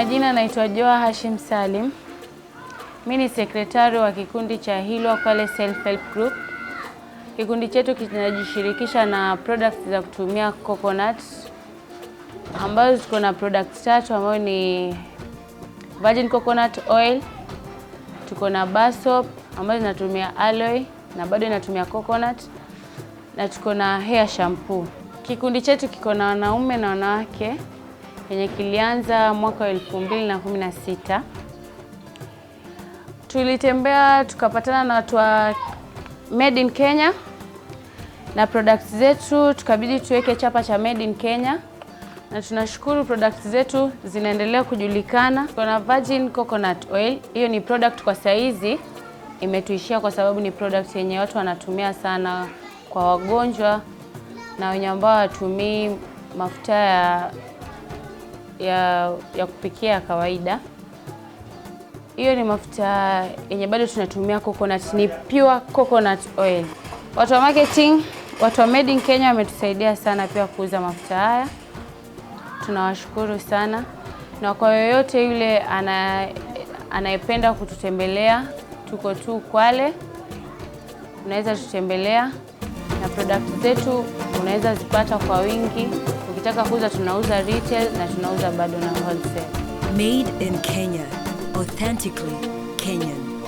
Majina anaitwa Joa Hashim Salim. Mi ni sekretari wa kikundi cha Hilwa Kwale Self Help Group. Kikundi chetu kinajishirikisha na products za kutumia coconut ambazo tuko na products tatu ambayo ni virgin coconut oil, tuko na bar soap ambayo zinatumia aloe na bado inatumia coconut na tuko na hair shampoo. Kikundi chetu kiko na wanaume na wanawake yenye kilianza mwaka wa 2016. Tulitembea tukapatana na watu wa Made in Kenya na products zetu, tukabidi tuweke chapa cha Made in Kenya na tunashukuru products zetu zinaendelea kujulikana. Kuna Virgin Coconut Oil, hiyo ni product kwa saizi imetuishia kwa sababu ni product yenye watu wanatumia sana kwa wagonjwa na wenye ambao watumii mafuta ya ya, ya kupikia ya kawaida. Hiyo ni mafuta yenye bado tunatumia coconut, ni pure coconut oil. Watu wa marketing, watu wa Made in Kenya wametusaidia sana pia kuuza mafuta haya, tunawashukuru sana, na kwa yoyote yule ana anayependa kututembelea, tuko tu Kwale, unaweza tutembelea na product zetu unaweza zipata kwa wingi ukitaka kuuza tunauza retail na tunauza bado na wholesale. Made in Kenya, authentically Kenyan.